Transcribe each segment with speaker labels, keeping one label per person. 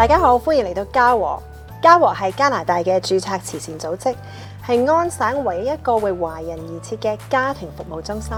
Speaker 1: 大家好，歡迎嚟到嘉禾。嘉禾係加拿大嘅註冊慈善組織，係安省唯一一個為華人而設嘅家庭服務中心。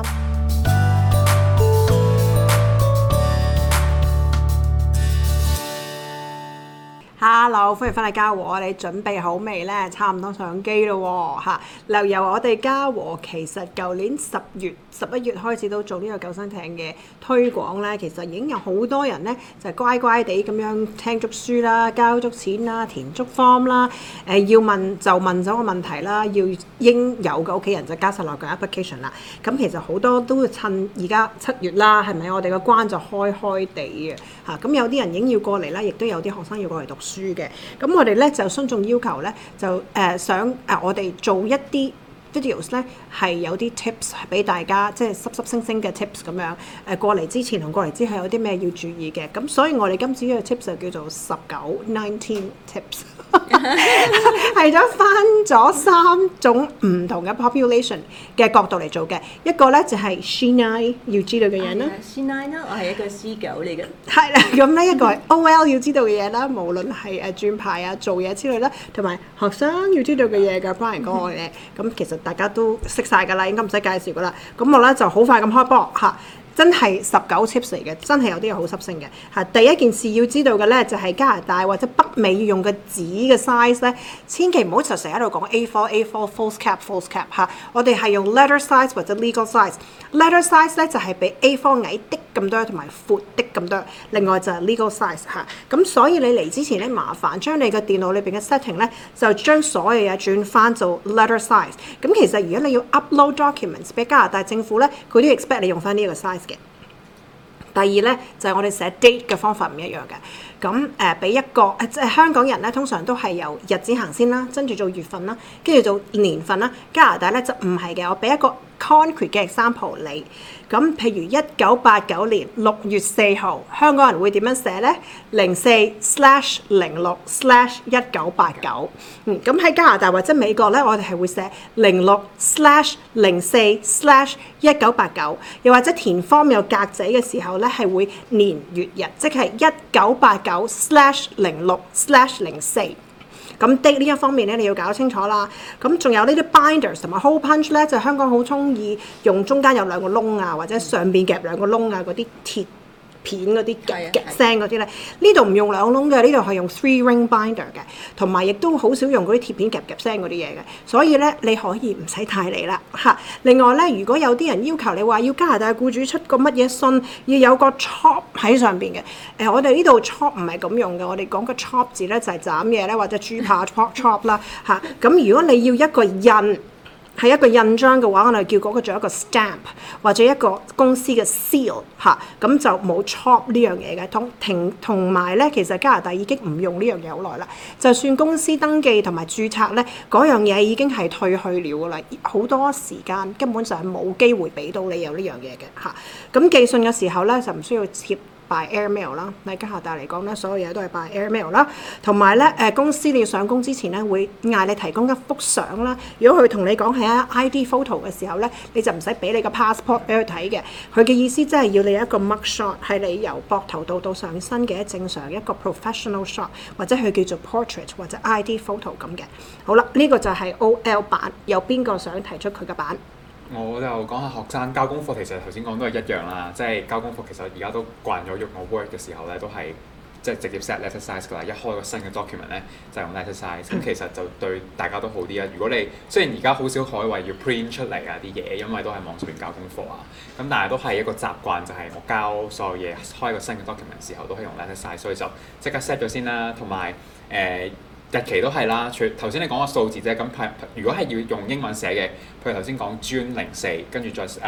Speaker 1: Hello，歡迎翻嚟嘉禾，你準備好未呢？差唔多上機咯，吓。嗱，由我哋嘉禾，其實舊年十月。十一月開始都做呢個救生艇嘅推廣咧，其實已經有好多人咧就係乖乖地咁樣聽足書啦、交足錢啦、填足 form 啦、誒、呃、要問就問咗個問題啦，要應有嘅屋企人就加曬落個 application 啦。咁、嗯、其實好多都趁而家七月啦，係咪我哋個關就開開地啊？嚇、嗯！咁有啲人已經要過嚟啦，亦都有啲學生要過嚟讀書嘅。咁、嗯、我哋咧就循眾要求咧，就誒、呃、想誒、呃、我哋做一啲 videos 咧。係有啲 tips 俾大家，即係濕濕星星嘅 tips 咁樣誒、呃、過嚟之前同過嚟之後有啲咩要注意嘅，咁、啊、所以我哋今次呢個 tips 就叫做十九 nineteen tips，係咗分咗三種唔同嘅 population 嘅角度嚟做嘅，一個咧就係 she nine 要知道嘅嘢啦
Speaker 2: ，she nine 啦， 我、啊、係一個 C 九嚟嘅，係
Speaker 1: 啦，咁呢一個係 OL 要知道嘅嘢啦，無論係誒轉牌啊、做嘢之類啦，同埋學生要知道嘅嘢嘅，歡迎講我嘅，咁、 嗯、其實大家都識曬㗎啦，應該唔使介紹㗎啦。咁我咧就好快咁開波嚇，真係十九 tips 嚟嘅，真係有啲嘢好濕性嘅嚇。第一件事要知道嘅咧，就係加拿大或者北美要用嘅紙嘅 size 咧，千祈唔好就成日喺度講 A4、A4、foolscap、foolscap 嚇。我哋係用 letter size 或者 legal size。letter size 咧就係比 A4 矮啲。咁多同埋闊的，咁多，另外就係 legal size 吓、啊，咁所以你嚟之前咧，麻煩將你嘅電腦裏邊嘅 setting 咧，就將所有嘢轉翻做 letter size。咁其實如果你要 upload documents 俾加拿大政府咧，佢都要 expect 你用翻呢一個 size 嘅。第二咧就係、是、我哋寫 date 嘅方法唔一樣嘅。咁誒俾一個、呃、即係香港人咧，通常都係由日子行先啦，跟住做月份啦，跟住做年份啦。加拿大咧就唔係嘅，我俾一個 concrete 嘅 example 你。咁譬如一九八九年六月四號香港人會點樣寫咧？零四 /slash 零六 /slash 一九八九。89, 嗯，咁喺加拿大或者美國咧，我哋係會寫零六 /slash 零四 /slash 一九八九。89, 又或者填 form 有格仔嘅時候咧，係會年月日，即係一九八九。有 slash 零六 slash 零四，咁 date 呢一方面咧，你要搞清楚啦。咁仲有呢啲 binders 同埋 hole punch 咧，就是、香港好中意用中間有兩個窿啊，或者上邊夾兩個窿啊嗰啲鐵。片嗰啲夾夾聲嗰啲咧，呢度唔用兩窿嘅，呢度係用 three ring binder 嘅，同埋亦都好少用嗰啲貼片夾夾聲嗰啲嘢嘅，所以咧你可以唔使太理啦嚇。另外咧，如果有啲人要求你話要加拿大僱主出個乜嘢信，要有個 chop 喺上邊嘅，誒我哋呢度 chop 唔係咁用嘅，我哋講個 chop 字咧就係斬嘢咧或者豬扒 chop chop 啦嚇。咁、 啊、如果你要一個印。係一個印章嘅話，我哋叫嗰個做一個 stamp，或者一個公司嘅 seal 嚇、啊，咁就冇 chop 呢樣嘢嘅。同同同埋咧，其實加拿大已經唔用呢樣嘢好耐啦。就算公司登記同埋註冊咧，嗰樣嘢已經係退去了㗎啦。好多時間根本就係冇機會俾到你有呢樣嘢嘅嚇。咁、啊、寄信嘅時候咧，就唔需要貼。by air mail 啦，喺加拿大嚟講咧，所有嘢都係 by air mail 啦。同埋咧，誒公司你要上工之前咧，會嗌你提供一幅相啦。如果佢同你講係一 ID photo 嘅時候咧，你就唔使俾你個 passport 俾佢睇嘅。佢嘅意思即係要你有一個 mug shot，係你由膊頭到到上身嘅正常一個 professional shot，或者佢叫做 portrait 或者 ID photo 咁嘅。好啦，呢個就係 OL 版，有邊個想提出佢嘅版？
Speaker 3: 我就講下學生交功課，其實頭先講都係一樣啦，即係交功課其實而家都慣咗喐我 work 嘅時候咧，都係即係直接 set letter size 噶啦，一開個新嘅 document 咧就用 letter size 咁其實就對大家都好啲啦。如果你雖然而家好少可為要 print 出嚟啊啲嘢，因為都係網上面交功課啊，咁、嗯、但係都係一個習慣，就係、是、我交所有嘢開個新嘅 document 時候都係用 letter size 所以就即刻 set 咗先啦。同埋誒。呃日期都係啦，除頭先你講個數字啫。咁譬如如果係要用英文寫嘅，譬如頭先講 June 零四，跟住再誒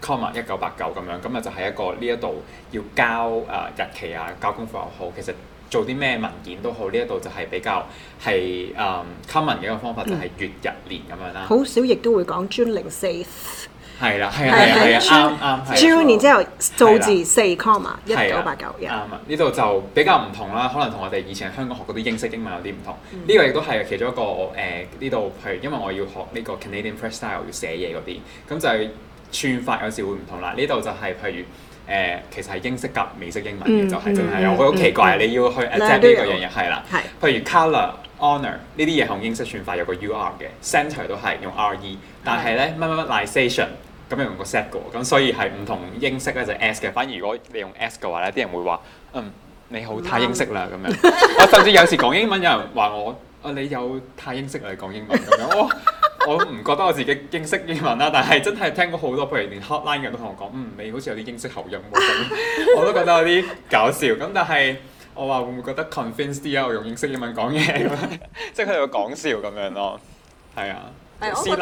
Speaker 3: comma 一九八九咁樣，咁啊就係一個呢一度要交誒、uh, 日期啊，交功課又好，其實做啲咩文件都好，呢一度就係比較係誒、um, common 嘅一個方法，嗯、就係月日年咁樣啦、啊。好
Speaker 1: 少，亦都會講 June 零四。
Speaker 3: 係啦，係啊，係啊，啱啱係。
Speaker 1: Junior 之後數字四 comma 一九八九，啱
Speaker 3: 啊！呢度、啊啊嗯、就比較唔同啦，可能同我哋以前喺香港學嗰啲英式英文有啲唔同。呢個亦都係其中一個誒，呢度譬如因為我要學呢個 Canadian French style 要寫嘢嗰啲，咁就係串法有時,有時會唔同啦。呢度就係譬如誒，其實係英式夾美式英文嘅，就係、是、真係我好奇怪，你要去 accept 呢個樣嘢係啦。係譬如 colour honour 呢啲嘢，同英式串法有個 u r 嘅 centre 都係用 r e，但係咧乜乜乜 isation。咁用個 set 嘅，咁所以係唔同英式咧就是、s 嘅，反而如果你用 s 嘅話咧，啲人會話嗯你好太英式啦咁樣，我 甚至有時講英文有人話我啊你有太英式嚟講英文咁樣，我我唔覺得我自己英式英文啦，但係真係聽過好多，譬如連 hotline 嘅人都同我講嗯你好似有啲英式口音咁，我都覺得有啲搞笑，咁但係我話會唔會覺得 convinced 啲啊？我用英式英文講嘢，咁樣 即係佢哋講笑咁樣咯，係 啊。係、 嗯，我覺
Speaker 2: 得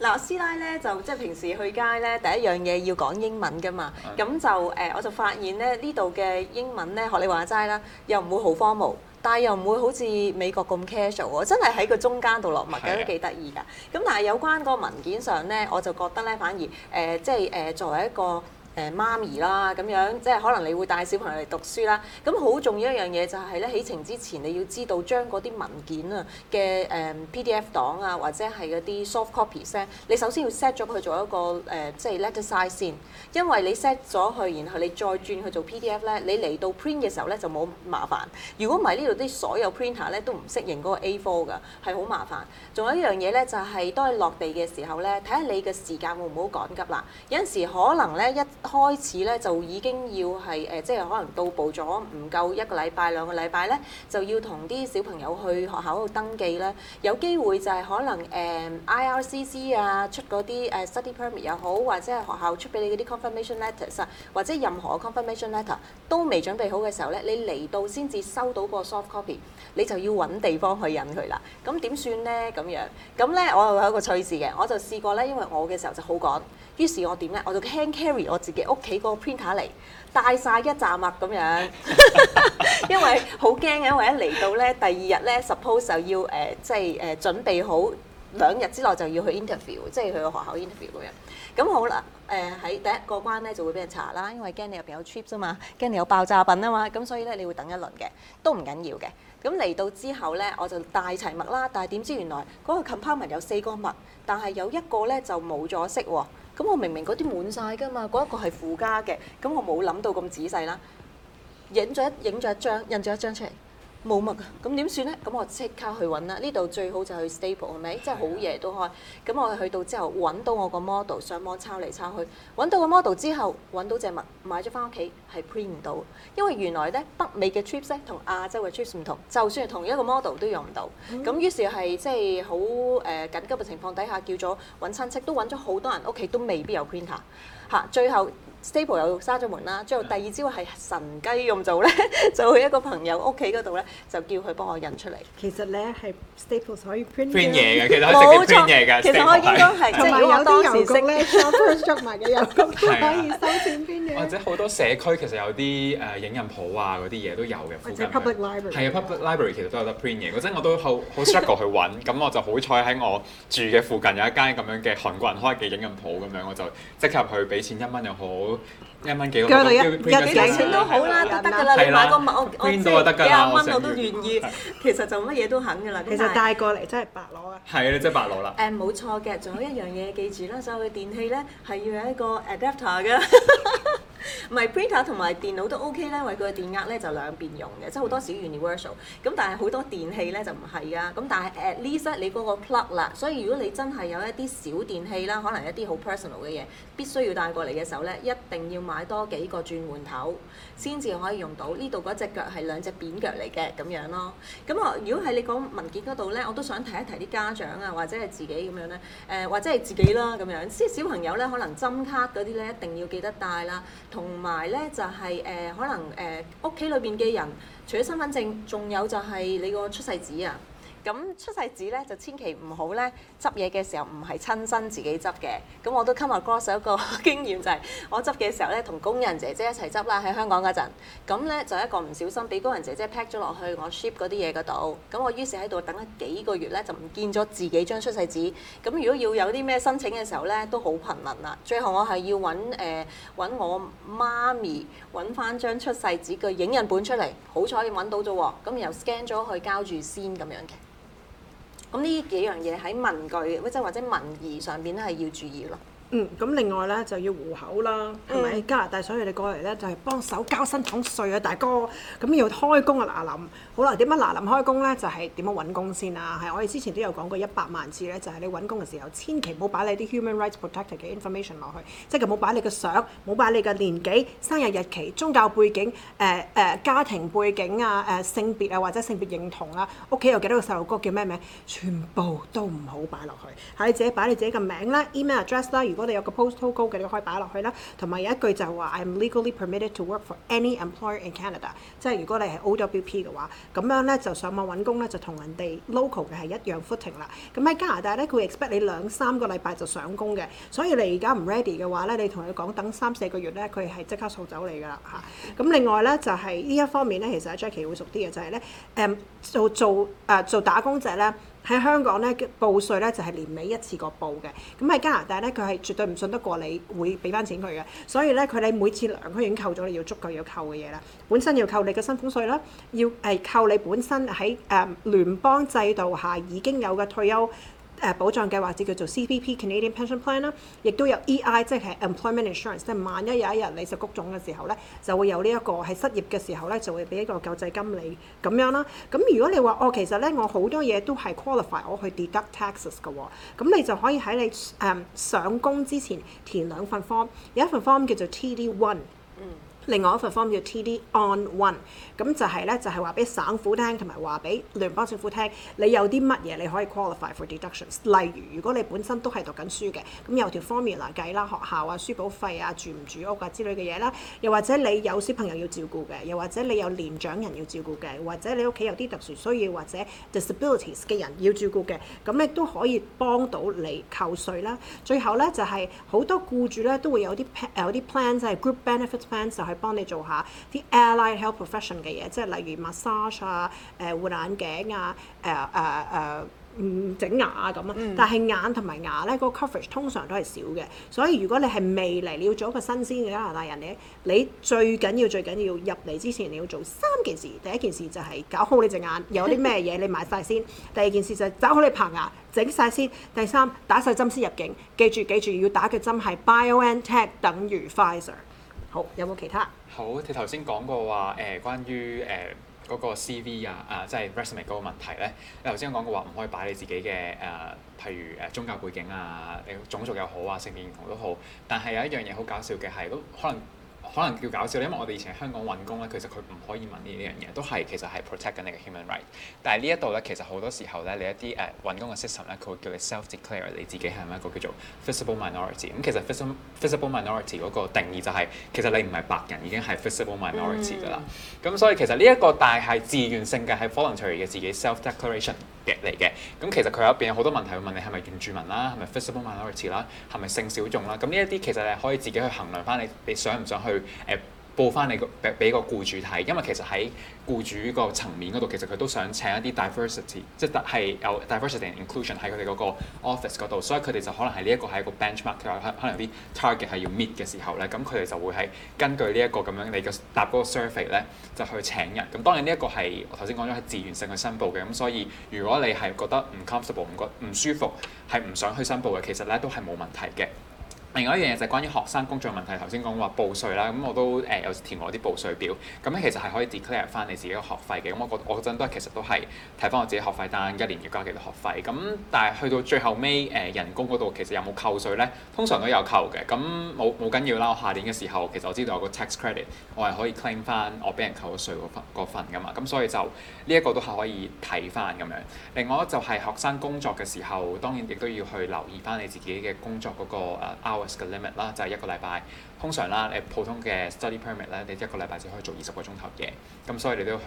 Speaker 2: 嗱師奶咧就即係平時去街咧第一樣嘢要講英文㗎嘛，咁 就誒、呃、我就發現咧呢度嘅英文咧學你話齋啦，又唔會，會好荒謬， 但係又唔會好似美國咁 casual，我真係喺個中間度落墨嘅都幾得意㗎，咁但係有關個文件上咧我就覺得咧反而誒、呃、即係誒、呃、作為一個。誒媽咪啦，咁樣即係可能你會帶小朋友嚟讀書啦。咁好重要一樣嘢就係、是、咧，起程之前你要知道將嗰啲文件啊嘅誒 PDF 檔啊，或者係嗰啲 soft copies 咧，你首先要 set 咗佢做一個誒、呃、即係 letter size 先。因為你 set 咗佢，然後你再轉去做 PDF 咧，你嚟到 print 嘅時候咧就冇麻煩。如果唔係呢度啲所有 printer 咧都唔適應嗰個 A4 㗎，係好麻煩。仲有一樣嘢咧、就是，就係當你落地嘅時候咧，睇下你嘅時間會唔會趕急啦。有陣時可能咧一開始咧就已經要係誒、呃，即係可能到步咗唔夠一個禮拜兩個禮拜咧，就要同啲小朋友去學校度登記咧。有機會就係可能誒、呃、IRCC 啊出嗰啲誒 study permit 又好，或者係學校出俾你嗰啲 confirmation letters 啊，或者任何 confirmation letter 都未準備好嘅時候咧，你嚟到先至收到個 soft copy，你就要揾地方去引佢啦。咁點算咧？咁樣咁咧，我有一個趣事嘅，我就試過咧，因為我嘅時候就好趕。於是，我點呢？我就 hand carry 我自己屋企嗰個 printer 嚟，帶晒一紮物咁樣， 因為好驚啊！因為一嚟到呢第二日呢 suppose 就要誒、呃，即係誒、呃、準備好兩日之內就要去 interview，即係去學校 interview 咁樣。咁好啦，誒、呃、喺第一個關呢就會俾人查啦，因為驚你入邊有 trip 啊嘛，驚你有爆炸品啊嘛，咁所以呢，你會等一輪嘅，都唔緊要嘅。咁嚟到之後呢，我就帶齊物啦，但係點知原來嗰個 compartment 有四個物，但係有一個呢就冇咗色喎。咁我明明嗰啲滿晒㗎嘛，嗰一個係附加嘅，咁我冇諗到咁仔細啦，影咗一影一張，印咗一張出嚟。冇墨，㗎，咁點算呢？咁我即刻去揾啦。呢度最好就去 Staples 係咪？即係好夜都開。咁我去到之後揾到我個 model 上網抄嚟抄去，揾到個 model 之後揾到隻墨，買咗翻屋企係 print 唔到，因為原來呢北美嘅 trips 咧同亞洲嘅 trips 唔同，就算係同一個 model 都用唔到。咁、嗯、於是係即係好誒緊急嘅情況底下叫咗揾親戚，都揾咗好多人屋企都未必有 printer。嚇！最後 Staples 又閂咗門啦，最後第二招係神雞用就咧，就去一個朋友屋企嗰度咧，就叫佢幫我印出嚟。
Speaker 1: 其實咧係 Staples 可以 print 嘢嘅，其
Speaker 3: 實可以
Speaker 2: print 嘢嘅。
Speaker 1: 其實我應該係，仲
Speaker 3: 有
Speaker 2: 啲郵局咧 shopper 捉
Speaker 1: 埋嘅郵局可以收錢 print 嘢。或
Speaker 3: 者好多社區其實有啲誒影印鋪啊嗰啲嘢都有嘅，附近。係啊，public library 其實都有得 print 嘢。嗰陣我都好好 struggle 去揾，咁我就好彩喺我住嘅附近有一間咁樣嘅韓國人開嘅影印鋪咁樣，我就即刻去俾。千一蚊又好。一蚊幾我叫廿幾零錢都好
Speaker 2: 啦，都得噶啦，你買個物我我即係廿蚊我都願意。其實就乜嘢都肯噶啦。其實帶過嚟真係
Speaker 3: 白攞啊！係啊，真係白攞
Speaker 2: 啦！誒，冇錯嘅，仲有一樣嘢記住啦，所有電器咧係要有一個 adapter 嘅，唔係 printer 同埋電腦都 OK 咧，因為佢電壓咧就兩邊用嘅，即係好多時 universal。咁但係好多電器咧就唔係噶，咁但係 at least 你嗰個 plug 啦，所以如果你真係有一啲小電器啦，可能一啲好 personal 嘅嘢，必須要帶過嚟嘅時候咧，一定要買。買多幾個轉換頭，先至可以用到。呢度嗰隻腳係兩隻扁腳嚟嘅咁樣咯。咁啊，如果喺你講文件嗰度咧，我都想提一提啲家長啊，或者係自己咁樣咧。誒、呃，或者係自己啦咁樣。即小朋友咧，可能針卡嗰啲咧，一定要記得帶啦。同埋咧，就係、是、誒、呃，可能誒屋企裏邊嘅人，除咗身份證，仲有就係你個出世紙啊。咁出世紙咧，就千祈唔好咧，執嘢嘅時候唔係親身自己執嘅。咁我都 come across 一個經驗就係、是、我執嘅時候咧，同工人姐姐一齊執啦，喺香港嗰陣。咁咧就一個唔小心俾工人姐姐劈咗落去我 ship 嗰啲嘢嗰度。咁我於是喺度等咗幾個月咧，就唔見咗自己張出世紙。咁如果要有啲咩申請嘅時候咧，都好頻臨啦。最後我係要揾誒、呃、揾我媽咪揾翻張出世紙嘅影印本出嚟。好彩要揾到啫喎。咁然後 scan 咗去交住先咁樣嘅。咁呢幾樣嘢喺文句，或者文義上面，咧係要注意咯。
Speaker 1: 嗯，咁另外咧就要糊口啦，係咪？加拿大所以你哋過嚟咧就係幫手交薪俸稅啊，大哥。咁要開工啊，拿林。好啦，點樣拿林開工咧？就係點樣揾工先啦？係我哋之前都有講過一百萬次咧，就係你揾工嘅時候，千祈唔好擺你啲 human rights protected 嘅 information 落去，即係唔好擺你嘅相，唔好擺你嘅年紀、生日日期、宗教背景、誒誒家庭背景啊、誒性別啊或者性別認同啊，屋企有幾多個細路哥叫咩名，全部都唔好擺落去。係你自己擺你自己嘅名啦，email address 啦，如果我哋有個 post 通告嘅，code, 你可以擺落去啦。同埋有一句就話，I am legally permitted to work for any employer in Canada。即係如果你係 O W P 嘅話，咁樣咧就上網揾工咧就同人哋 local 嘅係一樣 footing 啦。咁喺加拿大咧，佢會 expect 你兩三個禮拜就上工嘅。所以你而家唔 ready 嘅話咧，你同佢講等三四個月咧，佢係即刻掃走你噶啦嚇。咁、啊、另外咧就係、是、呢一方面咧，其實阿 Jackie 會熟啲嘅，就係咧誒做做誒、呃、做打工者咧。喺香港咧報稅咧就係、是、年尾一次過報嘅，咁喺加拿大咧佢係絕對唔信得過你會俾翻錢佢嘅，所以咧佢你每次糧期已經扣咗你要足夠要扣嘅嘢啦，本身要扣你嘅薪俸稅啦，要誒、呃、扣你本身喺誒、呃、聯邦制度下已經有嘅退休。誒保障計劃即叫做 CPP Canadian Pension Plan 啦，亦都有 EI 即係 Employment Insurance，即係萬一有一日你就谷種嘅時候咧，就會有呢、這、一個喺失業嘅時候咧，就會俾一個救濟金你咁樣啦。咁如果你話哦，其實咧我好多嘢都係 qualify 我去 deduct taxes 嘅，咁你就可以喺你誒上工之前填兩份 form，有一份 form 叫做 TD One。1, 另外一份 form 叫 T.D. on one，咁就係咧就係話俾省府聽同埋話俾聯邦政府聽，你有啲乜嘢你可以 qualify for deductions。例如如果你本身都係讀緊書嘅，咁有條 formula 計啦，學校啊、書保費啊、住唔住屋啊之類嘅嘢啦，又或者你有小朋友要照顧嘅，又或者你有年長人要照顧嘅，或者你屋企有啲特殊需要或者 disabilities 嘅人要照顧嘅，咁咧都可以幫到你扣稅啦。最後咧就係、是、好多僱主咧都會有啲有啲 plan 就係 group benefits plan 就係。幫你做一下啲 allied health profession 嘅嘢，即係例如 massage 啊、誒、呃、換眼鏡啊、誒誒誒嗯整牙啊咁啊。但係眼同埋牙咧，個 coverage 通常都係少嘅。所以如果你係未嚟，你要做一個新鮮嘅加拿大人咧，你最緊要最緊要入嚟之前，你要做三件事。第一件事就係搞好你隻眼，有啲咩嘢你買晒先。第二件事就係搞好你棚牙，整晒先。第三打晒針先入境。記住記住，要打嘅針係 BioNTech 等於 Pfizer。好，有冇其他？
Speaker 3: 好，你頭先講過話誒、呃，關於誒嗰個 CV 啊啊，呃、即係 resume 嗰個問題咧。你頭先講過話，唔可以擺你自己嘅誒、呃，譬如誒宗教背景啊，你、呃、種族又好啊，性別認同都好。但係有一樣嘢好搞笑嘅係都可能。可能叫搞笑，因為我哋以前喺香港揾工咧，其實佢唔可以問你呢樣嘢，都係其實係 protect 緊你嘅 human right。但係呢一度咧，其實好多時候咧，你一啲誒揾工嘅 system 咧，佢會叫你 self declare 你自己係咪一個叫做 visible minority、嗯。咁其實 visible minority 嗰個定義就係、是、其實你唔係白人已經係 visible minority 噶啦。咁、嗯、所以其實呢一個大係，自願性嘅係 voluntary 嘅自己 self declaration。De 嘅嚟嘅，咁其實佢入邊有好多問題，會問你係咪原住民啦，係咪 visible minority 啦，係咪性小眾啦，咁呢一啲其實你可以自己去衡量翻你你想唔想去誒。呃報翻你個俾俾個僱主睇，因為其實喺僱主個層面嗰度，其實佢都想請一啲 diversity，即係有 diversity inclusion 喺佢哋嗰個 office 嗰度，所以佢哋就可能係呢一個係一個 benchmark，佢有可能啲 target 係要 meet 嘅時候咧，咁佢哋就會係根據這這呢一個咁樣你嘅答嗰個 survey 咧，就去請人。咁當然呢一個係頭先講咗係自願性去申報嘅，咁所以如果你係覺得唔 comfortable、唔覺唔舒服係唔想去申報嘅，其實咧都係冇問題嘅。另外一樣嘢就係關於學生工作問題，頭先講話報稅啦，咁我都誒有時填我啲報稅表，咁咧其實係可以 declare 翻你自己個學費嘅，咁我我嗰陣都係其實都係睇翻我自己學費單一年要交幾多學費，咁但係去到最後尾誒、呃、人工嗰度其實有冇扣稅咧？通常都有扣嘅，咁冇冇緊要啦，我下年嘅時候其實我知道有個 tax credit，我係可以 claim 翻我俾人扣咗稅嗰份噶嘛，咁所以就呢一、這個都係可以睇翻咁樣。另外就係學生工作嘅時候，當然亦都要去留意翻你自己嘅工作嗰、那個、啊個 limit 啦，就係、是、一個禮拜。通常啦，誒，普通嘅 study permit 咧，你一個禮拜只可以做二十個鐘頭嘢。咁所以你都去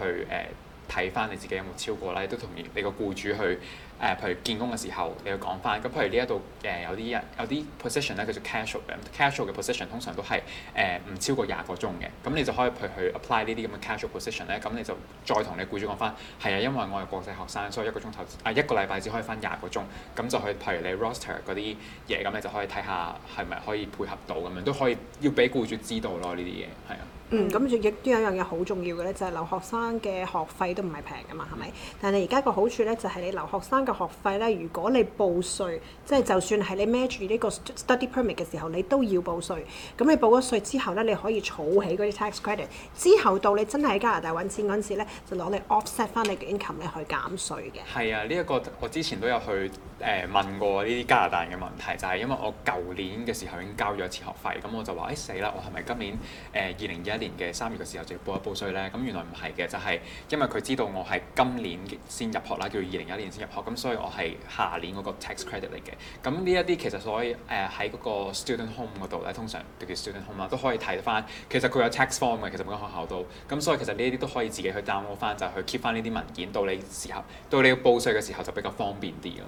Speaker 3: 誒睇翻你自己有冇超過啦，你都同意你個雇主去。誒、呃，譬如建工嘅時候，你要講翻咁。譬如呢一度誒，有啲人有啲 position 咧，叫做 casual 嘅 casual 嘅 position 通常都係誒唔超過廿個鐘嘅。咁你就可以去 apply 呢啲咁嘅 casual position 咧。咁你就再同你雇主講翻係啊，因為我係國際學生，所以一個鐘頭啊一個禮拜只可以翻廿個鐘。咁就可以譬如你 roster 嗰啲嘢，咁你就可以睇下係咪可以配合到咁樣都可以要俾雇主知道咯。呢啲嘢係啊。
Speaker 1: 嗯，咁亦都有一樣嘢好重要嘅咧，就係留學生嘅學費都唔係平噶嘛，係咪？但係而家個好處咧，就係你留學生嘅學費咧，如果你報稅，即係就算係你孭住呢個 study permit 嘅時候，你都要報稅。咁你報咗稅之後咧，你可以儲起嗰啲 tax credit，之後到你真係喺加拿大揾錢嗰陣時咧，就攞你 offset 翻你嘅 income 去減稅嘅。
Speaker 3: 係啊，呢一個我之前都有去。誒問過呢啲加拿大人嘅問題，就係、是、因為我舊年嘅時候已經交咗一次學費，咁我就話：誒死啦！我係咪今年誒二零二一年嘅三月嘅時候就要報一報稅咧？咁、嗯、原來唔係嘅，就係、是、因為佢知道我係今年先入學啦，叫二零二一年先入學，咁所以我係下年嗰個 tax credit 嚟嘅。咁呢一啲其實所以誒喺嗰個 student home 嗰度咧，通常特別 student home 啦，都可以睇得翻。其實佢有 tax form 嘅，其實每個學校都，咁所以其實呢啲都可以自己去 download 翻，就去 keep 翻呢啲文件，到你時候到你要報稅嘅時候就比較方便啲咯。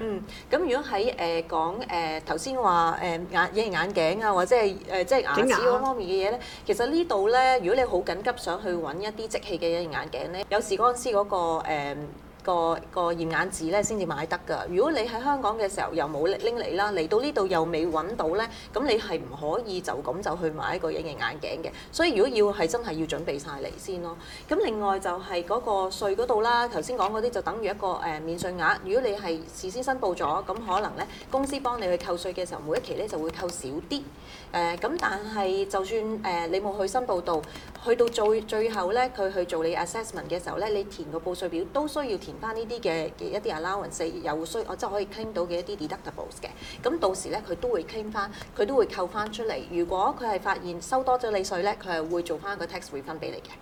Speaker 2: 嗯，咁如果喺誒講誒頭先話誒眼隱形眼鏡啊，或者係誒、呃、即係牙齒嗰方面嘅嘢咧，其實呢度咧，如果你好緊急想去揾一啲即棄嘅隱形眼鏡咧，有時嗰陣時嗰個誒。呃個個驗眼紙咧先至買得㗎。如果你喺香港嘅時候又冇拎嚟啦，嚟到呢度又未揾到咧，咁你係唔可以就咁就去買一個隱形眼鏡嘅。所以如果要係真係要準備晒嚟先咯。咁另外就係嗰個稅嗰度啦，頭先講嗰啲就等於一個誒免稅額。如果你係事先申報咗，咁可能咧公司幫你去扣稅嘅時候，每一期咧就會扣少啲。誒咁，但係就算誒你冇去申報到，去到最最後咧，佢去做你 assessment 嘅時候咧，你填個報稅表都需要填。翻呢啲嘅嘅一啲 allowance，又需我即係可以 claim 到嘅一啲 deductibles 嘅，咁到時咧佢都會 claim 翻，佢都會扣翻出嚟。如果佢係發現收多咗你稅咧，佢係會做翻個 tax refund 俾你嘅。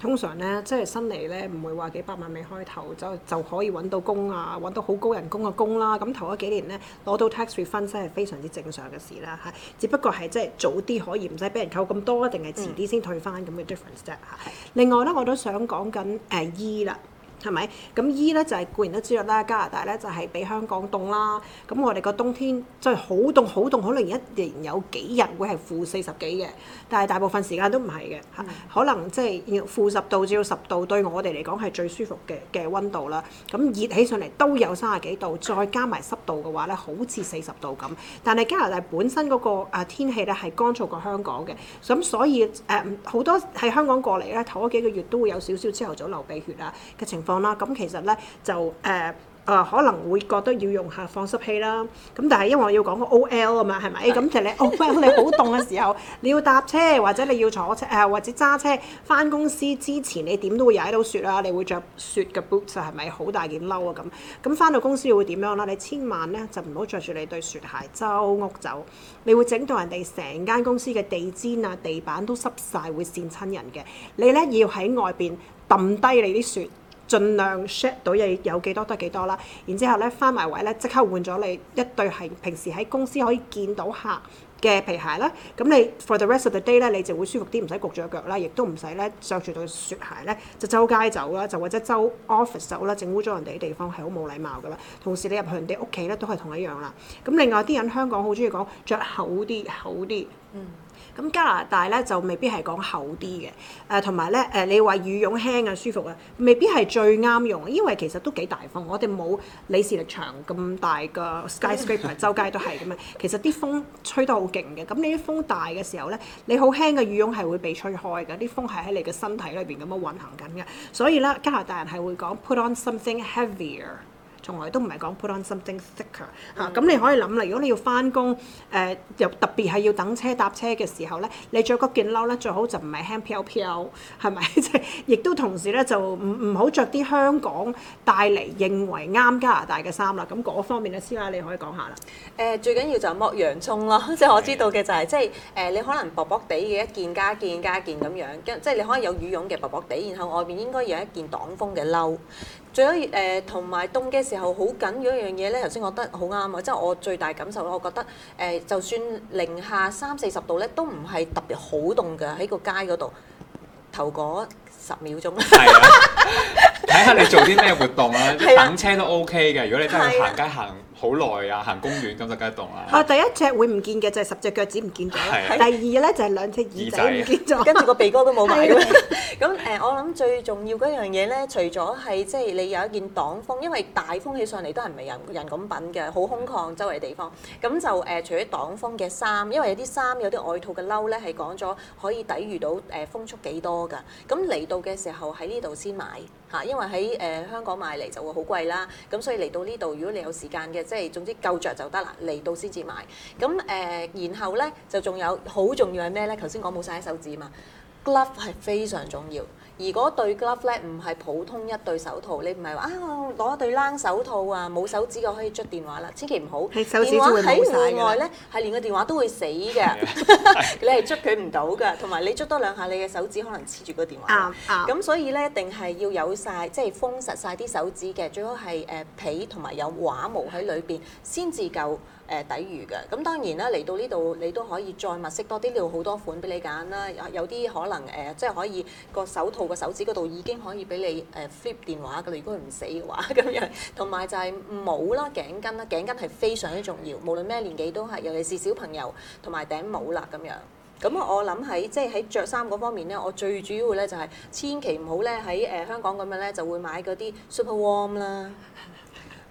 Speaker 1: 通常咧，即係新嚟咧，唔會話幾百萬未開頭就就可以揾到工啊，揾到好高人工嘅、啊、工啦、啊。咁頭嗰幾年咧，攞到 tax refund 即係非常之正常嘅事啦。嚇，只不過係即係早啲可以唔使俾人扣咁多，定係遲啲先退翻咁嘅 difference 啫。嚇、嗯。是另外咧，我都想講緊誒 E 啦。係咪？咁二咧就係、是、固然都知道啦，加拿大咧就係、是、比香港凍啦。咁我哋個冬天即係好凍好凍，可能一年有幾日會係負四十幾嘅。但係大部分時間都唔係嘅，嚇、嗯。可能即係要負十度至到十度，對我哋嚟講係最舒服嘅嘅溫度啦。咁熱起上嚟都有三十幾度，再加埋濕度嘅話咧，好似四十度咁。但係加拿大本身嗰個啊天氣咧係乾燥過香港嘅，咁所以誒好、呃、多喺香港過嚟咧，頭嗰幾個月都會有少少朝頭早流鼻血啊嘅情況。講啦，咁、嗯、其實咧就誒啊，可能會覺得要用下放濕器啦。咁但係因為我要講個 O L 啊嘛，係咪咁？其實是的、欸、你 O L， 你好凍嘅時候，你要搭車或者你要坐車誒、呃，或者揸車返公司之前，你點都會踩到雪啦、啊。你會着雪嘅 boot 啊，係咪好大件褸啊？咁咁返到公司會點樣啦？你千萬咧就唔好着住你對雪鞋周屋走，你會整到人哋成間公司嘅地氈啊、地板都濕晒，會跣親人嘅。你咧要喺外邊揼低你啲雪。盡量 share 到嘢有幾多得係幾多啦，然之後咧翻埋位咧即刻換咗你一對係平時喺公司可以見到客嘅皮鞋啦，咁你 for the rest of the day 咧你就會舒服啲，唔使焗住腳啦，亦都唔使咧着住對雪鞋咧就周街走啦，就，就或者周 office 走啦 off，整污咗人哋啲地方係好冇禮貌噶啦。同時你入去人哋屋企咧都係同一樣啦。咁另外啲人香港好中意講着厚啲厚啲。嗯。咁加拿大咧就未必係講厚啲嘅，誒同埋咧誒你話羽絨輕啊舒服啊，未必係最啱用，因為其實都幾大風，我哋冇李氏力牆咁大嘅 skyscraper 周街都係咁樣，其實啲風吹得好勁嘅，咁你啲風大嘅時候咧，你好輕嘅羽絨係會被吹開嘅，啲風係喺你嘅身體裏邊咁樣運行緊嘅，所以咧加拿大人係會講 put on something heavier。從來都唔係講 put on something thicker 嚇，咁你可以諗啦。如果你要翻工，誒又特別係要等車搭車嘅時候咧，你著嗰件褸咧，最好就唔係輕飄飄，係咪？即係亦都同時咧，就唔唔好著啲香港帶嚟認為啱加拿大嘅衫啦。咁嗰
Speaker 2: 方面咧，思雅你可以講下啦。誒，最緊要就係剝洋葱咯，即係我知道嘅就係，即係誒你可能薄薄地嘅一件加件加件咁樣，即係你可以有羽絨嘅薄薄地，然後外邊應該有一件擋風嘅褸。最緊誒同埋凍嘅時候，好緊要一樣嘢咧。頭先我覺得好啱啊，即係我最大感受咧，我覺得誒、呃，就算零下三四十度咧，都唔係特別好凍㗎喺個街嗰度頭嗰十秒鐘。
Speaker 3: 係啊，睇下 你做啲咩活動啊，等車都 OK 嘅。如果你真係、啊、行街行好耐啊！行公園咁就梗
Speaker 1: 係凍啦。啊，啊，第一隻會唔見嘅就係十隻腳趾唔見咗。的第二咧
Speaker 2: 就係、是、兩隻耳仔唔見咗，啊、跟住個鼻哥都冇埋。咁誒 的、 呃，我諗最重要嗰樣嘢咧，除咗係即係你有一件擋風，因為大風起上嚟都係唔係人人咁品嘅，好空曠周圍地方。咁就誒、呃，除咗擋風嘅衫，因為有啲衫有啲外套嘅褸咧，係講咗可以抵禦到誒風速幾多㗎。咁嚟到嘅時候喺呢度先買。嚇，因為喺誒香港買嚟就會好貴啦，咁所以嚟到呢度，如果你有時間嘅，即係總之夠着就得啦，嚟到先至買。咁誒、呃，然後咧就仲有好重要係咩咧？頭先講冇晒手指嘛，glove 係非常重要。如果對 glove 咧，唔係普通一對手套，你唔係話啊攞對冷手套啊，冇手指就可以捽電話啦，千祈唔好。手電話喺戶外咧係連個電話都會死嘅， 你係捽佢唔到嘅，同埋你捽多兩下你嘅手指可能黐住個電話。咁、啊啊、所以咧一定係要有晒，即係封實晒啲手指嘅，最好係誒、呃、皮同埋有畫毛喺裏邊先至夠。誒抵禦嘅，咁、呃、當然啦，嚟到呢度你都可以再物色多啲料好多款俾你揀啦，有啲可能誒、呃，即係可以個手套個手指嗰度已經可以俾你誒 flip、呃、電話噶啦，如果佢唔死嘅話咁樣，同埋就係帽啦、頸巾啦，頸巾係非常之重要，無論咩年紀都係，尤其是小朋友同埋頂帽啦咁樣。咁我諗喺即係喺着衫嗰方面咧，我最主要咧就係千祈唔好咧喺誒香港咁樣咧就會買嗰啲 super warm 啦。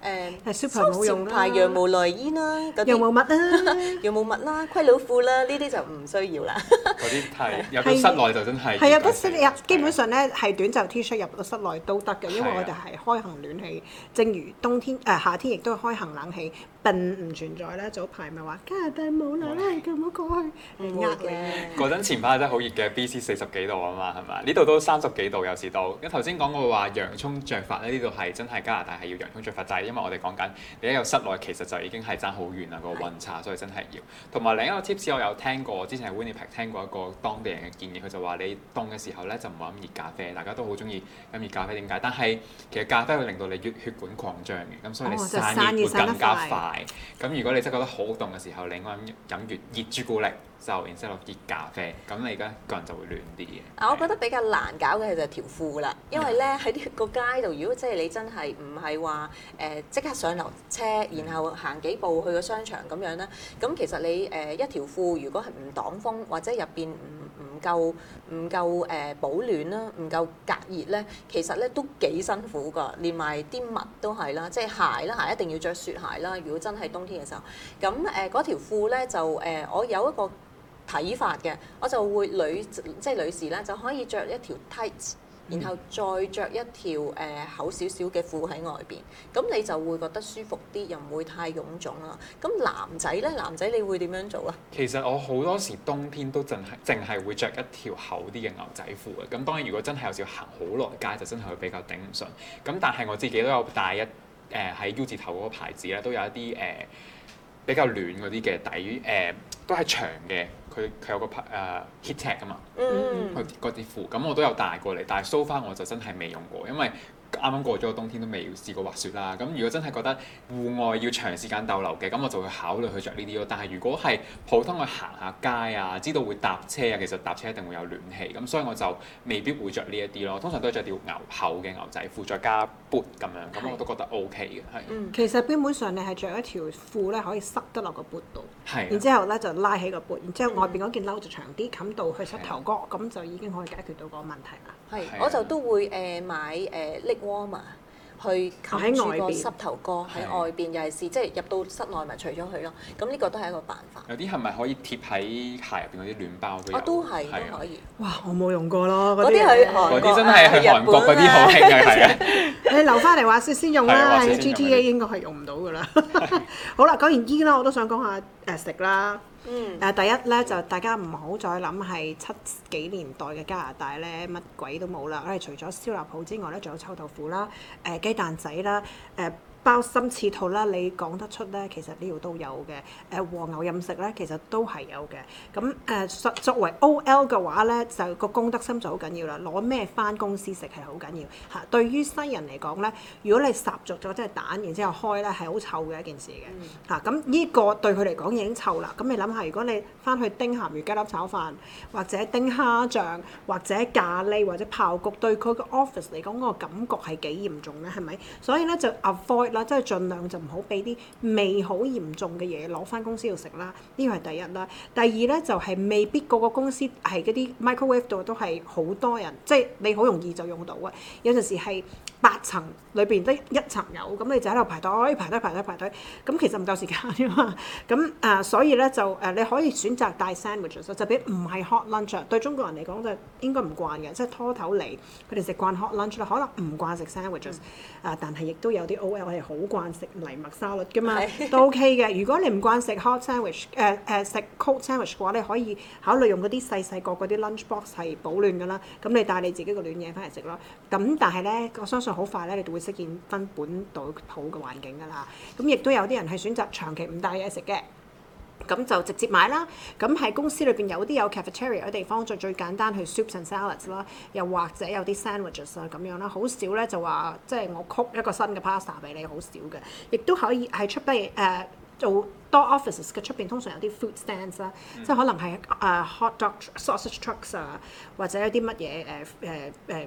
Speaker 2: s u p 誒超薄用太羊毛內衣啦，嗰啲羊毛襪啦，羊毛襪啦，龜、 啊、老褲啦，呢啲就唔需要啦。嗰
Speaker 3: 啲太，尤其室內就真係
Speaker 2: 係啊，不啲入基本上咧係短袖 t 恤
Speaker 1: 入到室內都得嘅，因為我哋係開行暖氣，的正如冬天誒、呃、夏天亦都係開行冷氣。並唔存在啦，早排咪話加拿大冇冷啦，叫我過去，唔
Speaker 3: 呃咧。嗰陣 前排真係好熱嘅，BC 四十幾度啊嘛，係嘛？呢度都三十幾度有時到。咁頭先講過話洋葱着法咧，呢度係真係加拿大係要洋葱着法，就係因為我哋講緊你一個室內其實就已經係爭好遠啊個溫差，所以真係要。同埋另一個 tips 我有聽過，之前喺 Winnipeg 聽過一個當地人嘅建議，佢就話你凍嘅時候咧就唔好飲熱咖啡，大家都好中意飲熱咖啡點解？但係其實咖啡會令到你血管擴張嘅，咁所以你散熱會更加快。咁如果你真係覺得好凍嘅時候，你可以飲飲越熱朱古力。就然之後熱咖啡，咁你而家個人就會暖啲
Speaker 2: 嘅。啊，我覺得比較難搞嘅就係條褲啦，因為咧喺呢個街度，如果即係你真係唔係話誒即刻上樓車，然後行幾步去個商場咁樣咧，咁其實你誒一條褲如果係唔擋風或者入邊唔唔夠唔夠誒保暖啦，唔夠隔熱咧，其實咧都幾辛苦㗎，連埋啲襪都係啦，即係鞋啦，鞋一定要著雪鞋啦，如果真係冬天嘅時候。咁誒嗰條褲咧就誒我有一個。睇法嘅，我就會女即係女士咧，就可以着一條 tights，然後再着一條誒、呃、厚少少嘅褲喺外邊，咁你就會覺得舒服啲，又唔會太臃腫啦。咁男仔咧，男仔你會點樣做啊？
Speaker 3: 其實我好多時冬天都淨係淨係會着一條厚啲嘅牛仔褲嘅。咁當然，如果真係有時行好耐街，就真係會比較頂唔順。咁但係我自己都有帶一誒喺、呃、U 字頭嗰個牌子咧，都有一啲誒、呃、比較暖嗰啲嘅底誒、呃，都係長嘅。佢佢有個皮誒、uh, heattech 噶嘛，佢啲褲，咁我都有帶過嚟，但係 so far 我就真係未用過，因為啱啱過咗個冬天都未試過滑雪啦。咁如果真係覺得戶外要長時間逗留嘅，咁我就會考慮去着呢啲咯。但係如果係普通去行下街啊，知道會搭車啊，其實搭車一定會有暖氣，咁所以我就未必會着呢一啲咯。通常都係着條牛厚嘅牛仔褲再加 boot 咁樣，咁是我都覺得 O K 嘅。係，嗯、
Speaker 1: 其實基本上你係着一條褲咧，可以塞得落個 boot 度。然之後咧就拉起個背，然之後外邊嗰件褸就長啲，冚到去膝頭哥，咁就已經可以解決到個問題啦。係，我就都
Speaker 2: 會誒買誒 leg warmer 去冚住個膝頭哥喺外邊，又係試即係入到室內咪除咗佢咯。咁呢個都係一個辦
Speaker 3: 法。有啲係咪可以貼喺鞋入邊嗰啲暖包都？我都係可以。
Speaker 1: 哇！我冇用過咯，嗰啲係韓
Speaker 3: 國真係係日本嗰啲好興
Speaker 1: 嘅，你留翻嚟話說先用啦，喺 G T A 應該係用唔到㗎啦。好啦，講完煙啦，我都想講下。誒食、呃、啦！誒、嗯呃、第一咧就大家唔好再諗係七幾年代嘅加拿大咧，乜鬼都冇啦！我哋除咗燒臘鋪之外咧，仲有臭豆腐啦、誒、呃、雞蛋仔啦、誒、呃。包心翅套啦，你講得出咧，其實呢度都有嘅。誒和牛飲食咧，其實都係有嘅。咁誒作作為 OL 嘅話咧，就個公德心就好緊要啦。攞咩返公司食係好緊要嚇。對於新人嚟講咧，如果你烚熟咗隻蛋，然之後開咧係好臭嘅一件事嘅嚇。咁呢、嗯啊、個對佢嚟講已經臭啦。咁你諗下，如果你返去叮鹹魚雞粒炒飯，或者叮蝦醬，或者咖喱，或者炮焗，對佢個 office 嚟講嗰、那個感覺係幾嚴重咧？係咪？所以咧就 avoid 即係儘量就唔好俾啲味好嚴重嘅嘢攞翻公司度食啦，呢、這個係第一啦。第二咧就係、是、未必個個公司係嗰啲 microwave 度都係好多人，即係你好容易就用到啊。有陣時係。八層裏邊得一層有，咁你就喺度排隊，排隊排隊排隊排隊，咁其實唔夠時間咋嘛，咁啊所以咧就誒你可以選擇帶 sandwiches，就比唔係 hot lunch 對中國人嚟講就應該唔慣嘅，即係拖頭嚟佢哋食慣 hot lunch 啦，可能唔慣食 sandwiches，啊但係亦都有啲 OL 係好慣食藜麥沙律㗎嘛，都 OK 嘅。如果你唔慣食 hot sandwich，誒誒食 cold sandwich 嘅話你，可以考慮用嗰啲細細個嗰啲 lunch box 係保暖㗎啦，咁你帶你自己個暖嘢翻嚟食咯。咁但係咧我相信。好快咧，你就會適應分本土土嘅環境噶啦。咁亦都有啲人係選擇長期唔帶嘢食嘅，咁就直接買啦。咁喺公司裏邊有啲有 cafeteria 嘅地方，就最簡單去 soup and salads 啦，又或者有啲 sandwiches 啊咁樣啦。好少咧就話，即係我 cook 一個新嘅 pasta 俾你好少嘅。亦都可以喺出低誒做多 offices 嘅出邊，通常有啲 food stands 啦，嗯、即係可能係誒、呃、hot dog sausage trucks 啊，或者有啲乜嘢誒誒誒。呃呃呃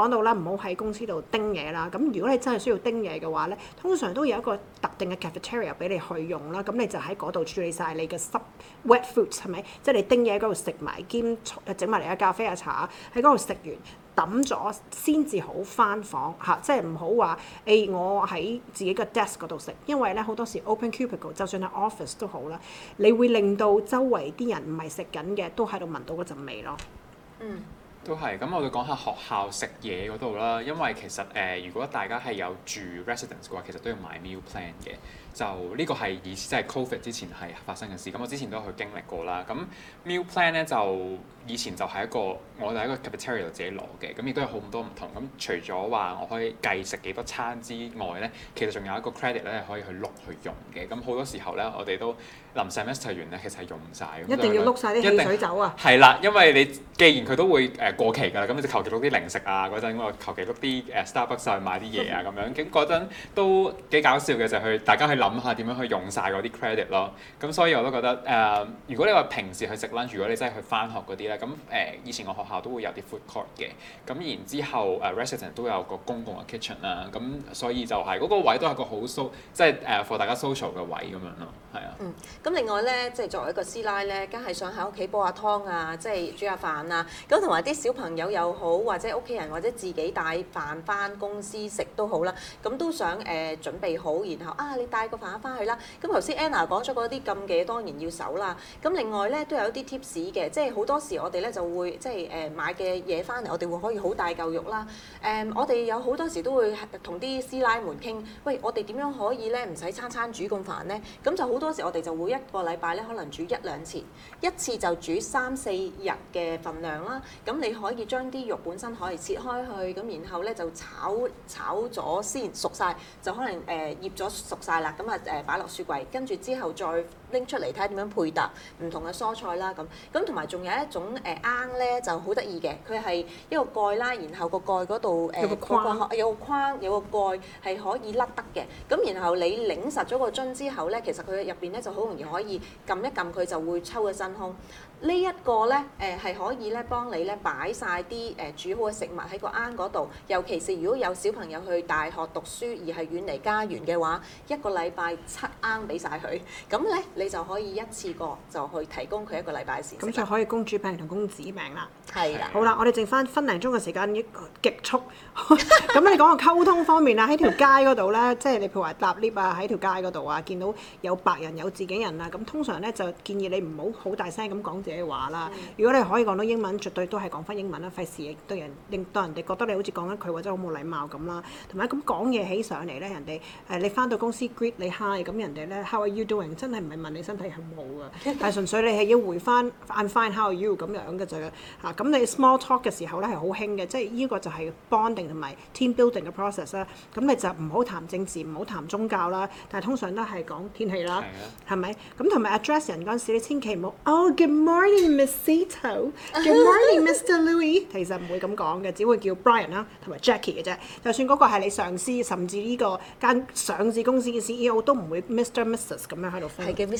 Speaker 1: 講到啦，唔好喺公司度叮嘢啦。咁如果你真係需要叮嘢嘅話咧，通常都有一個特定嘅 cafeteria 俾你去用啦。咁你就喺嗰度處理晒你嘅濕 wet food，係咪？即係你叮嘢嗰度食埋兼整埋嚟嘅咖啡啊茶啊，喺嗰度食完抌咗先至好翻房嚇。即係唔好話誒，我喺自己嘅 desk 嗰度食，因為咧好多時 open cubicle，就算喺 office 都好啦，你會令到周圍啲人唔係食緊嘅都喺度聞到嗰陣味咯。嗯。
Speaker 3: 都係咁，我哋講下學校食嘢嗰度啦。因為其實誒、呃，如果大家係有住 residence 嘅話，其實都要買 meal plan 嘅。就呢，這個係以前，即係 COVID 之前係發生嘅事，咁我之前都去經歷過啦。咁 Meal Plan 咧就以前就係一個我哋一個 cafeteria 度自己攞嘅，咁亦都有好多唔同。咁除咗話我可以計食幾多餐之外咧，其實仲有一個 Credit 咧可以去碌去用嘅。咁好多時候咧，我哋都臨 semester 完咧，其實係用唔曬。就是，一定要碌晒啲水走啊！係啦，因為你既然佢都會誒過期㗎啦，咁你就求其碌啲零食啊嗰陣，我求其碌啲 Starbucks 上去買啲嘢啊咁樣，咁嗰陣都幾搞笑嘅就是，去大家去。諗下點樣去用晒嗰啲 credit 咯，咁所以我都覺得誒、呃，如果你話平時去食 lunch，如果你真係去翻學嗰啲咧，咁誒、呃、以前我學校都會有啲 food court 嘅，咁然之後誒 resident、呃、都有個公共嘅 kitchen 啦、啊，咁所以就係嗰個位都係個好 so 即係誒 for 大家 social 嘅位咁樣咯，係啊。嗯，
Speaker 2: 咁另外咧即係作為一個師奶咧，梗係想喺屋企煲下湯啊，即係煮下飯啊，咁同埋啲小朋友又好，或者屋企人或者自己帶飯翻公司食都好啦，咁都想誒、呃、準備好，然後啊你帶。個飯翻去啦，咁頭先 Anna 講咗嗰啲禁忌，當然要守啦。咁另外咧都有一啲 tips 嘅，即係好多時我哋咧就會即係誒、呃、買嘅嘢翻嚟，我哋會可以好大嚿肉啦。誒、呃，我哋有好多時都會同啲師奶們傾，喂，我哋點樣可以咧唔使餐餐煮咁煩咧？咁就好多時我哋就會一個禮拜咧可能煮一兩次，一次就煮三四日嘅份量啦。咁你可以將啲肉本身可以切開去，咁然後咧就炒炒咗先熟晒，就可能誒、呃、醃咗熟晒啦。咁啊，誒，擺落雪櫃，跟住之後再。拎出嚟睇下點樣配搭唔同嘅蔬菜啦咁，咁同埋仲有一種誒罌咧就好得意嘅，佢係一個蓋啦，然後個蓋嗰度誒有個框，有個框有個蓋係可以甩得嘅。咁然後你擰實咗個樽之後咧，其實佢入邊咧就好容易可以撳一撳佢就會抽個真空。這個、呢一個咧誒係可以咧幫你咧擺晒啲誒煮好嘅食物喺個罌嗰度，尤其是如果有小朋友去大學讀書而係遠離家園嘅話，一個禮拜七罌俾晒佢，咁咧。你就可以一次過就去提供佢一個禮拜嘅時間。咁就可
Speaker 1: 以公主病同公子病啦。係啊的。好啦，我哋剩翻分零鐘嘅時間，一個極速。咁 你講個溝通方面啦，喺 條街嗰度咧，即係你譬如話搭 lift 啊，喺條街嗰度啊，見到有白人有自己人啊，咁通常咧就建議你唔好好大聲咁講自己話啦。的如果你可以講到英文，絕對都係講翻英文啦，費事對人令到人哋覺得你好似講緊佢或者好冇禮貌咁啦。同埋咁講嘢起上嚟咧，人哋誒、啊、你翻到公司 greet 你，你 hi，咁人哋咧 how are you doing？真係唔係問。你身體係冇噶，但係純粹你係要回翻 I'm fine how are you 咁樣嘅，就係咁你 small talk 嘅時候咧係好興嘅，即係呢個就係 bonding 同埋 team building 嘅 process 啦、啊。咁、啊、你就唔好談政治，唔好談宗教啦。但係通常都係講天氣啦，係咪對、啊？咁同埋 address 人嗰陣時，你千祈唔好哦，Good morning，Missyto，Good morning，Mr. Louis。 其實唔會咁講嘅，只會叫 Brian 啦、啊，同埋 Jackie 嘅啫。就算嗰個係你上司，甚至呢個間上市公司嘅 CEO 都唔會 Mr. Mrs. 咁樣喺度。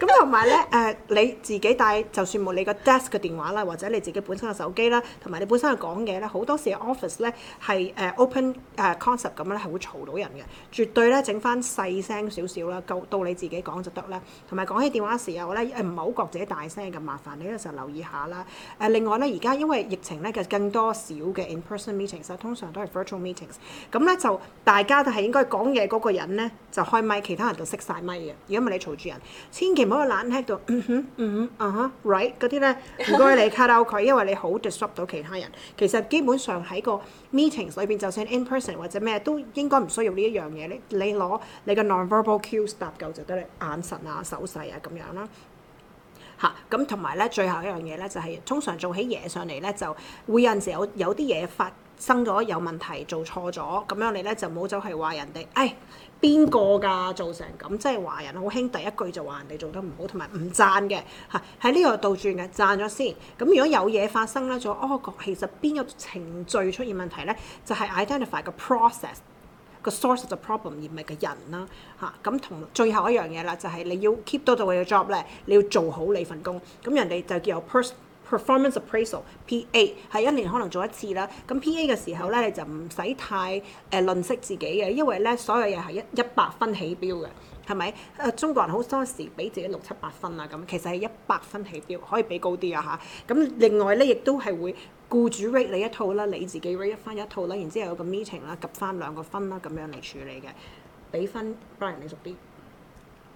Speaker 1: 咁同埋咧，誒 你自己帶，就算冇你個 desk 嘅電話啦，或者你自己本身嘅手機啦，同埋你本身去講嘢咧，好多時 office 咧係誒 open 誒 concept 咁樣咧係會嘈到人嘅，絕對咧整翻細聲少少啦，夠到你自己講就得啦。同埋講起電話嘅時候咧，唔好覺得自己大聲咁麻煩你呢，你有時候留意下啦。誒另外咧，而家因為疫情咧，其實更多少嘅 in-person meetings，所以通常都係 virtual meetings。咁咧就大家都係應該講嘢嗰個人咧就開咪，其他人就熄晒咪嘅，如果唔係你嘈住人，千千祈唔好懶喺度，嗯哼嗯哼啊哈 right 嗰啲咧唔該你 cut out 佢，因為你好 disrupt 到其他人。其實基本上喺個 meetings 裏邊，就算 in person 或者咩都應該唔需要呢一樣嘢。你你攞你個 non-verbal cues 搭救就得啦，眼神啊手勢啊咁樣啦，啊。吓咁同埋咧，最後一樣嘢咧就係、是、通常做起嘢上嚟咧，就會有陣時有有啲嘢發。生咗有問題，做錯咗，咁樣你咧就唔好走。係話人哋，唉、啊，邊個㗎做成咁，即係話人好興第一句就話人哋做得唔好，同埋唔讚嘅，嚇喺呢度倒轉嘅，讚咗先。咁、啊、如果有嘢發生咧，就、啊、哦，其實邊個程序出現問題咧，就係、是、identify 個 process 個 source of the problem 而唔係嘅人啦，嚇、啊。咁、啊、同、啊、最後一樣嘢啦，就係、是、你要 keep 到到你嘅 job 咧，你要做好你份工，咁、啊、人哋就叫有 Performance appraisal（PA） 係一年可能做一次啦。咁 PA 嘅時候咧，你就唔使太誒吝、呃、嗇自己嘅，因為咧所有嘢係一一百分起標嘅，係咪？誒、啊、中國人好多時俾自己六七百分啊，咁其實係一百分起標，可以俾高啲啊嚇。咁、嗯、另外咧，亦都係會雇主 rate 你一套啦，你自己 rate 翻一,一套啦，然之後有個 meeting 啦，及翻兩個分啦，咁樣嚟處理嘅。俾分 Brian 你熟啲。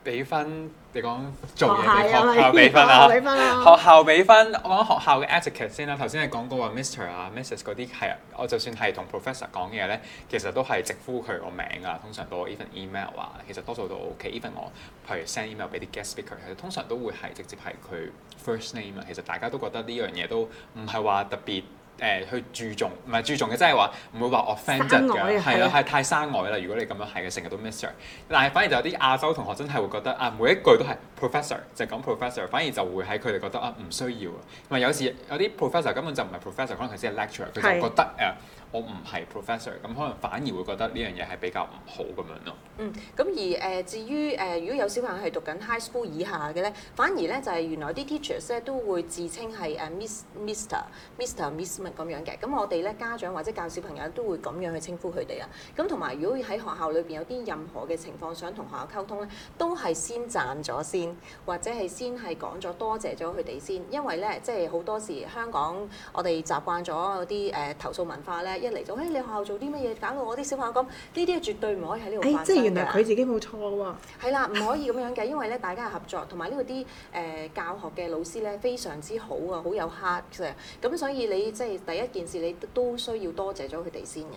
Speaker 3: 俾分，你講做嘢俾學校俾分啦，學校俾分。我講 學校嘅 etiquette 先啦。頭先係講過話，Mr 啊、Mrs 嗰啲係啊。我就算係同 professor 講嘢咧，其實都係直呼佢個名啊。通常都 even email 啊，其實多數都 OK。even 我譬如 send email 俾啲 guest speaker，其實通常都會係直接係佢 first name 啊。其實大家都覺得呢樣嘢都唔係話特別。誒、呃、去注重，唔係注重嘅，即係話唔會話 offended 嘅，係咯，係太生外啦。如果你咁樣係嘅，成日都 miss 嘢。但係反而就有啲亞洲同學真係會覺得啊，每一句都係 professor，就講 professor，反而就會喺佢哋覺得啊唔需要啊。同埋有時有啲 professor 根本就唔係 professor，可能佢只係 lecturer 佢就覺得啊。是呃我唔係 professor，咁可能反而會覺得呢樣嘢係比較唔好咁樣咯。嗯，
Speaker 2: 咁而誒、呃、至於誒、呃、如果有小朋友係讀緊 high school 以下嘅咧，反而咧就係、是、原來啲 teachers 咧都會自稱係誒 miss、mister、mister、mistress 咁樣嘅。咁我哋咧家長或者教小朋友都會咁樣去稱呼佢哋啊。咁同埋如果喺學校裏邊有啲任何嘅情況想同學校溝通咧，都係先贊咗先，或者係先係講咗多謝咗佢哋先。因為咧即係好多時香港我哋習慣咗有啲誒投訴文化咧。一嚟就誒、哎，你學校做啲乜嘢，搞到我啲小朋友咁，呢啲絕對唔可以喺呢度發生、哎、即係原來佢自己冇錯喎、啊。係啦， 唔可以咁樣嘅，因為咧大家係合作，同埋呢嗰啲誒教學嘅老師咧非常之好啊，好有 heart 咁，所以你即係第一件事，你都需要多謝咗佢哋先嘅。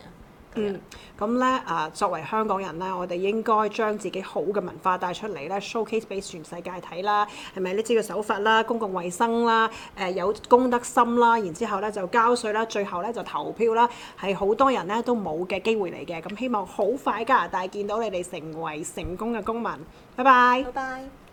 Speaker 1: 嗯，咁咧啊，作為香港人咧，我哋應該將自己好嘅文化帶出嚟咧，showcase 俾全世界睇啦，係咪呢幾個手法啦，公共衛生啦，誒、呃、有公德心啦，然之後咧就交稅啦，最後咧就投票啦，係好多人咧都冇嘅機會嚟嘅，咁希望好快加拿大見到你哋成為成功嘅公民，拜拜。拜拜。